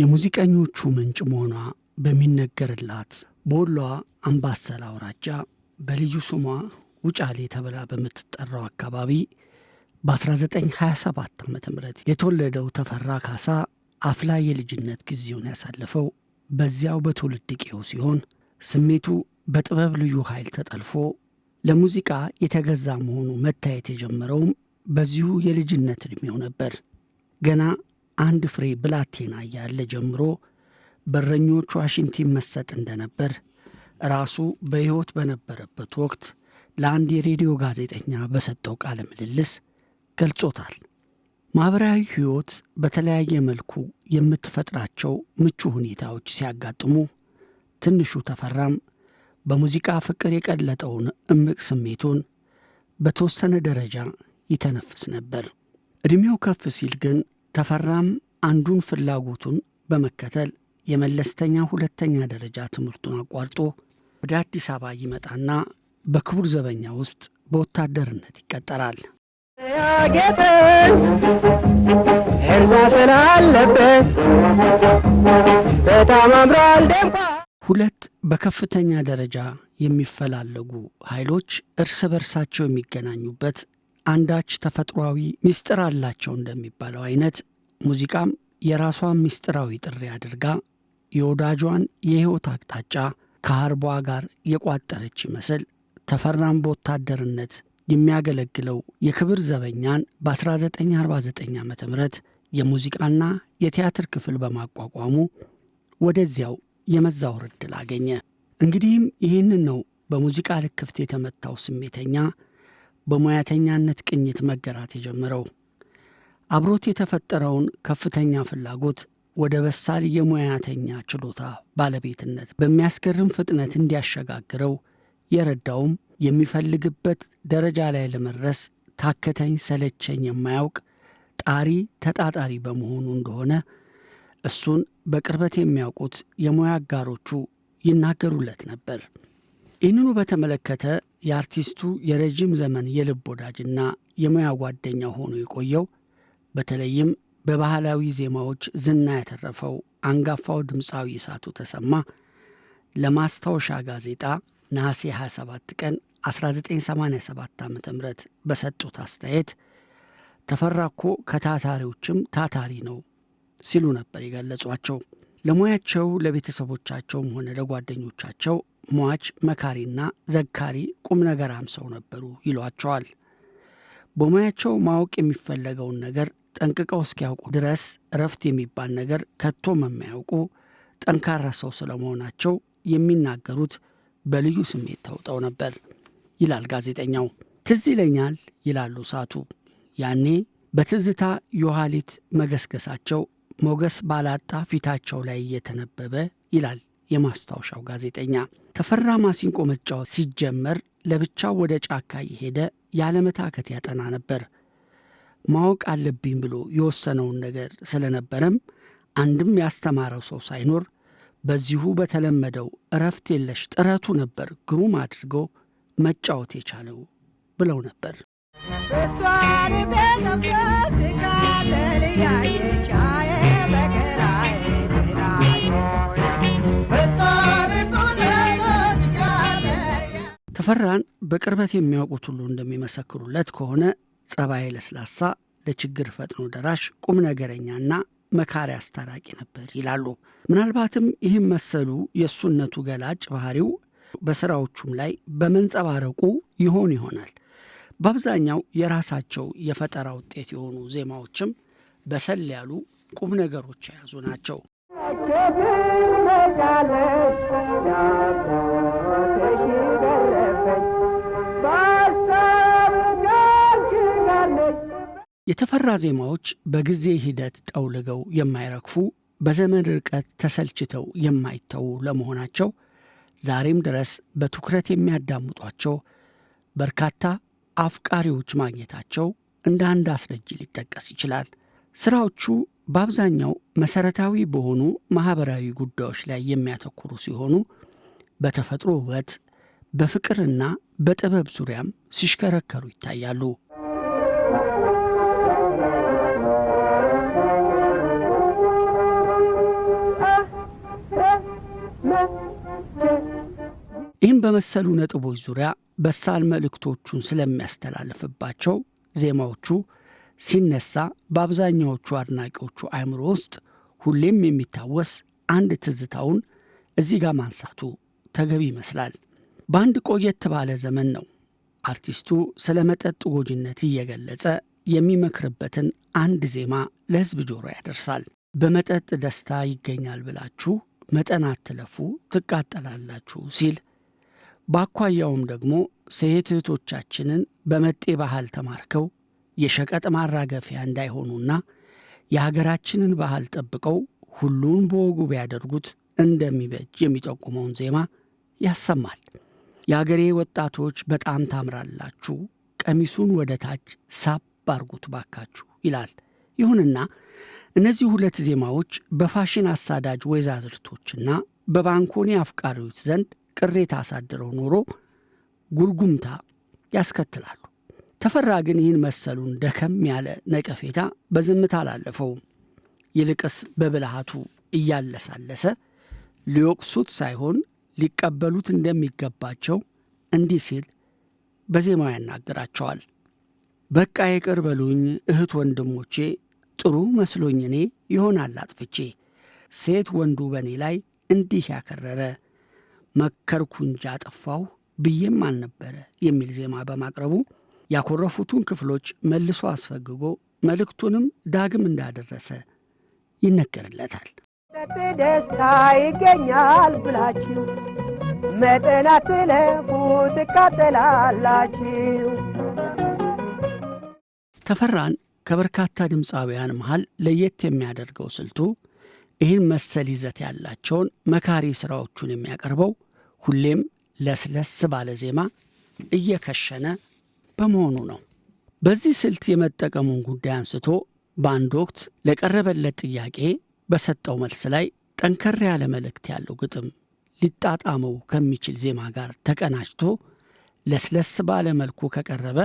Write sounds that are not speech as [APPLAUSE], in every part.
የሙዚቀኞቹ ምንጭ መሆኗ በሚነገርላት በወሏ አምባሰል አውራጃ በልዩ ስሟ ውጫሌ ተብላ በምትጠራው አካባቢ በ1927 ዓ ም የተወለደው ተፈራ ካሳ አፍላ የልጅነት ጊዜውን ያሳለፈው በዚያው በትውልድ ቄው ሲሆን ስሜቱ በጥበብ ልዩ ኃይል ተጠልፎ ለሙዚቃ የተገዛ መሆኑ መታየት የጀመረውም በዚሁ የልጅነት ዕድሜው ነበር። ገና አንድ ፍሬ ብላቴና እያለ ጀምሮ በረኞቹ ዋሽንት ይመሰጥ እንደነበር ራሱ በሕይወት በነበረበት ወቅት ለአንድ የሬዲዮ ጋዜጠኛ በሰጠው ቃለ ምልልስ ገልጾታል። ማኅበራዊ ሕይወት በተለያየ መልኩ የምትፈጥራቸው ምቹ ሁኔታዎች ሲያጋጥሙ ትንሹ ተፈራም በሙዚቃ ፍቅር የቀለጠውን እምቅ ስሜቱን በተወሰነ ደረጃ ይተነፍስ ነበር። ዕድሜው ከፍ ሲል ግን ተፈራም አንዱን ፍላጎቱን በመከተል የመለስተኛ ሁለተኛ ደረጃ ትምህርቱን አቋርጦ ወደ አዲስ አበባ ይመጣና በክቡር ዘበኛ ውስጥ በወታደርነት ይቀጠራል። ያጌጠ በጣም ሁለት በከፍተኛ ደረጃ የሚፈላለጉ ኃይሎች እርስ በርሳቸው የሚገናኙበት አንዳች ተፈጥሯዊ ምስጢር አላቸው እንደሚባለው አይነት ሙዚቃም የራሷን ምስጢራዊ ጥሪ አድርጋ የወዳጇን የሕይወት አቅጣጫ ከሀርቧ ጋር የቋጠረች ይመስል ተፈራም በወታደርነት የሚያገለግለው የክብር ዘበኛን በ1949 ዓ ም የሙዚቃና የቲያትር ክፍል በማቋቋሙ ወደዚያው የመዛወር ዕድል አገኘ። እንግዲህም ይህንን ነው በሙዚቃ ልክፍት የተመታው ስሜተኛ በሙያተኛነት ቅኝት መገራት የጀመረው። አብሮት የተፈጠረውን ከፍተኛ ፍላጎት ወደ በሳል የሙያተኛ ችሎታ ባለቤትነት በሚያስገርም ፍጥነት እንዲያሸጋግረው የረዳውም የሚፈልግበት ደረጃ ላይ ለመድረስ ታከተኝ ሰለቸኝ የማያውቅ ጣሪ ተጣጣሪ በመሆኑ እንደሆነ እሱን በቅርበት የሚያውቁት የሙያ አጋሮቹ ይናገሩለት ነበር። ይህንኑ በተመለከተ የአርቲስቱ የረዥም ዘመን የልብ ወዳጅና የሙያ ጓደኛ ሆኖ የቆየው በተለይም በባህላዊ ዜማዎች ዝና ያተረፈው አንጋፋው ድምፃዊ እሳቱ ተሰማ ለማስታወሻ ጋዜጣ ነሐሴ 27 ቀን 1987 ዓ ም በሰጡት አስተያየት ተፈራኮ ከታታሪዎችም ታታሪ ነው ሲሉ ነበር የገለጿቸው። ለሙያቸው ለቤተሰቦቻቸውም ሆነ ለጓደኞቻቸው ሟች መካሪና ዘካሪ ቁም ነገራም ሰው ነበሩ ይሏቸዋል። በሙያቸው ማወቅ የሚፈለገውን ነገር ጠንቅቀው እስኪያውቁ ድረስ እረፍት የሚባል ነገር ከቶ የማያውቁ ጠንካራ ሰው ስለመሆናቸው የሚናገሩት በልዩ ስሜት ተውጠው ነበር ይላል ጋዜጠኛው። ትዝ ይለኛል ይላሉ ሳቱ። ያኔ በትዝታ የኋሊት መገስገሳቸው ሞገስ ባላጣ ፊታቸው ላይ እየተነበበ ይላል የማስታወሻው ጋዜጠኛ። ተፈራ ማሲንቆ መጫወት ሲጀመር ለብቻው ወደ ጫካ እየሄደ ያለመታከት ያጠና ነበር። ማወቅ አለብኝ ብሎ የወሰነውን ነገር ስለነበረም አንድም ያስተማረው ሰው ሳይኖር በዚሁ በተለመደው እረፍት የለሽ ጥረቱ ነበር ግሩም አድርጎ መጫወት የቻለው ብለው ነበር። እሷን ቤተፍራ ስጋ ተፈራን በቅርበት የሚያውቁት ሁሉ እንደሚመሰክሩለት ከሆነ ጸባይ ለስላሳ፣ ለችግር ፈጥኖ ደራሽ፣ ቁም ነገረኛና መካሪ አስታራቂ ነበር ይላሉ። ምናልባትም ይህም መሰሉ የእሱነቱ ገላጭ ባህሪው በስራዎቹም ላይ በመንጸባረቁ ይሆን ይሆናል። በአብዛኛው የራሳቸው የፈጠራ ውጤት የሆኑ ዜማዎችም በሰል ያሉ ቁም ነገሮች የያዙ ናቸው። የተፈራ ዜማዎች በጊዜ ሂደት ጠውልገው የማይረግፉ በዘመን ርቀት ተሰልችተው የማይተዉ ለመሆናቸው ዛሬም ድረስ በትኩረት የሚያዳምጧቸው በርካታ አፍቃሪዎች ማግኘታቸው እንደ አንድ አስረጅ ሊጠቀስ ይችላል። ስራዎቹ በአብዛኛው መሰረታዊ በሆኑ ማኅበራዊ ጉዳዮች ላይ የሚያተኩሩ ሲሆኑ በተፈጥሮ ውበት፣ በፍቅርና በጥበብ ዙሪያም ሲሽከረከሩ ይታያሉ። ይህም በመሰሉ ነጥቦች ዙሪያ በሳል መልእክቶቹን ስለሚያስተላልፍባቸው ዜማዎቹ ሲነሳ በአብዛኛዎቹ አድናቂዎቹ አእምሮ ውስጥ ሁሌም የሚታወስ አንድ ትዝታውን እዚህ ጋር ማንሳቱ ተገቢ ይመስላል። በአንድ ቆየት ባለ ዘመን ነው አርቲስቱ ስለ መጠጥ ጎጂነት እየገለጸ የሚመክርበትን አንድ ዜማ ለሕዝብ ጆሮ ያደርሳል። በመጠጥ ደስታ ይገኛል ብላችሁ መጠን አትለፉ፣ ትቃጠላላችሁ ሲል በአኳያውም ደግሞ ሴት እህቶቻችንን በመጤ ባህል ተማርከው የሸቀጥ ማራገፊያ እንዳይሆኑና የሀገራችንን ባህል ጠብቀው ሁሉን በወጉ ቢያደርጉት እንደሚበጅ የሚጠቁመውን ዜማ ያሰማል። የአገሬ ወጣቶች በጣም ታምራላችሁ፣ ቀሚሱን ወደ ታች ሳብ ባርጉት ባካችሁ ይላል። ይሁንና እነዚህ ሁለት ዜማዎች በፋሽን አሳዳጅ ወይዛዝርቶችና በባንኮኔ አፍቃሪዎች ዘንድ ቅሬታ አሳድረው ኖሮ ጉርጉምታ ያስከትላሉ። ተፈራ ግን ይህን መሰሉን ደከም ያለ ነቀፌታ በዝምታ አላለፈውም። ይልቅስ በብልሃቱ እያለሳለሰ ሊወቅሱት ሳይሆን ሊቀበሉት እንደሚገባቸው እንዲህ ሲል በዜማው ያናገራቸዋል። በቃ ይቅር በሉኝ እህት ወንድሞቼ፣ ጥሩ መስሎኝ እኔ ይሆናል አጥፍቼ፣ ሴት ወንዱ በእኔ ላይ እንዲህ ያከረረ መከርኩ እንጂ አጠፋሁ ብዬም አልነበረ የሚል ዜማ በማቅረቡ ያኮረፉትን ክፍሎች መልሶ አስፈግጎ መልእክቱንም ዳግም እንዳደረሰ ይነገርለታል። ደስታ ይገኛል ብላችሁ መጠን አትለፉ፣ ትቃጠላላችሁ። ተፈራን ከበርካታ ድምፃውያን መሃል ለየት የሚያደርገው ስልቱ ይህን መሰል ይዘት ያላቸውን መካሪ ሥራዎቹን የሚያቀርበው ሁሌም ለስለስ ባለ ዜማ እየከሸነ በመሆኑ ነው። በዚህ ስልት የመጠቀሙን ጉዳይ አንስቶ በአንድ ወቅት ለቀረበለት ጥያቄ በሰጠው መልስ ላይ ጠንከር ያለ መልእክት ያለው ግጥም ሊጣጣመው ከሚችል ዜማ ጋር ተቀናጅቶ ለስለስ ባለ መልኩ ከቀረበ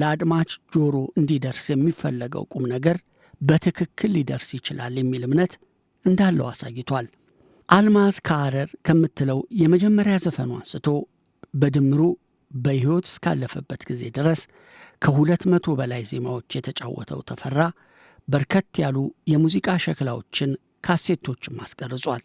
ለአድማጭ ጆሮ እንዲደርስ የሚፈለገው ቁም ነገር በትክክል ሊደርስ ይችላል የሚል እምነት እንዳለው አሳይቷል። አልማዝ ከአረር ከምትለው የመጀመሪያ ዘፈኑ አንስቶ በድምሩ በሕይወት እስካለፈበት ጊዜ ድረስ ከሁለት መቶ በላይ ዜማዎች የተጫወተው ተፈራ በርከት ያሉ የሙዚቃ ሸክላዎችን ካሴቶችም አስቀርጿል።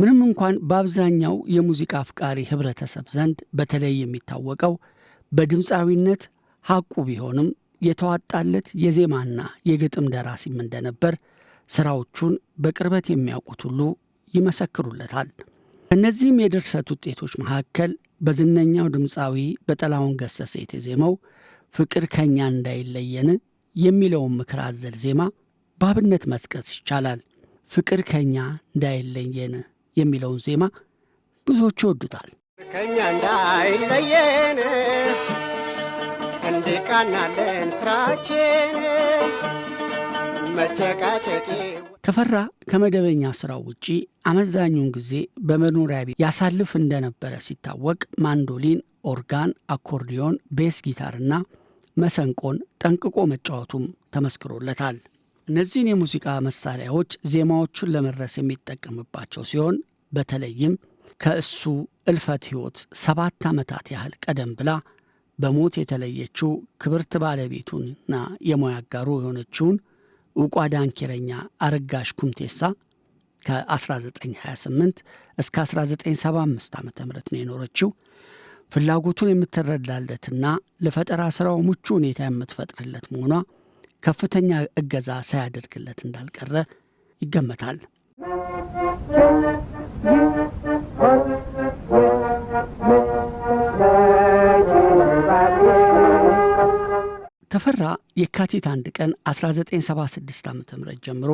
ምንም እንኳን በአብዛኛው የሙዚቃ አፍቃሪ ኅብረተሰብ ዘንድ በተለይ የሚታወቀው በድምፃዊነት ሐቁ ቢሆንም የተዋጣለት የዜማና የግጥም ደራሲም እንደነበር ስራዎቹን በቅርበት የሚያውቁት ሁሉ ይመሰክሩለታል። ከእነዚህም የድርሰት ውጤቶች መካከል በዝነኛው ድምፃዊ በጥላሁን ገሰሰ የተዜመው ፍቅር ከእኛ እንዳይለየን የሚለውን ምክር አዘል ዜማ በአብነት መጥቀስ ይቻላል። ፍቅር ከእኛ እንዳይለየን የሚለውን ዜማ ብዙዎቹ ይወዱታል። ከእኛ እንዳይለየን እንቃናለን ስራችን መጨቃጨቂ ተፈራ ከመደበኛ ስራው ውጪ አመዛኙን ጊዜ በመኖሪያ ቤት ያሳልፍ እንደነበረ ሲታወቅ ማንዶሊን፣ ኦርጋን፣ አኮርዲዮን፣ ቤስ ጊታርና መሰንቆን ጠንቅቆ መጫወቱም ተመስክሮለታል። እነዚህን የሙዚቃ መሳሪያዎች ዜማዎቹን ለመድረስ የሚጠቀምባቸው ሲሆን በተለይም ከእሱ እልፈት ሕይወት ሰባት ዓመታት ያህል ቀደም ብላ በሞት የተለየችው ክብርት ባለቤቱንና የሙያ አጋሩ የሆነችውን እውቋ ዳንኪረኛ አረጋሽ ኩምቴሳ ከ1928 እስከ 1975 ዓ ም ነው የኖረችው። ፍላጎቱን የምትረዳለትና ለፈጠራ ሥራው ምቹ ሁኔታ የምትፈጥርለት መሆኗ ከፍተኛ እገዛ ሳያደርግለት እንዳልቀረ ይገመታል። [LAUGHS] ተፈራ የካቲት አንድ ቀን 1976 ዓ ም ጀምሮ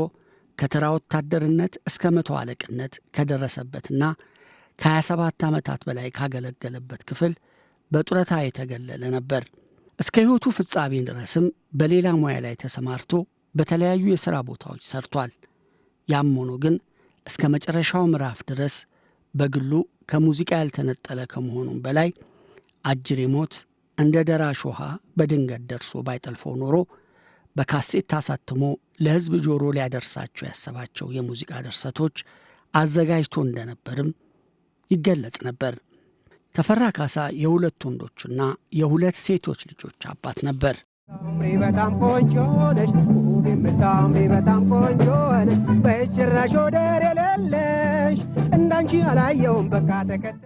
ከተራ ወታደርነት እስከ መቶ አለቅነት ከደረሰበትና ከ27 ዓመታት በላይ ካገለገለበት ክፍል በጡረታ የተገለለ ነበር። እስከ ሕይወቱ ፍጻሜ ድረስም በሌላ ሙያ ላይ ተሰማርቶ በተለያዩ የሥራ ቦታዎች ሰርቷል። ያም ሆኖ ግን እስከ መጨረሻው ምዕራፍ ድረስ በግሉ ከሙዚቃ ያልተነጠለ ከመሆኑም በላይ አጅሬ ሞት እንደ ደራሽ ውሃ በድንገት ደርሶ ባይጠልፈው ኖሮ በካሴት ታሳትሞ ለሕዝብ ጆሮ ሊያደርሳቸው ያሰባቸው የሙዚቃ ድርሰቶች አዘጋጅቶ እንደነበርም ይገለጽ ነበር። ተፈራ ካሳ የሁለት ወንዶችና የሁለት ሴቶች ልጆች አባት ነበር። በጣም ቆንጆ ነሽ፣ በጣም ቆንጆ ነሽ፣ በጭራሽ ወደር የሌለሽ እንዳንቺ አላየውም በቃ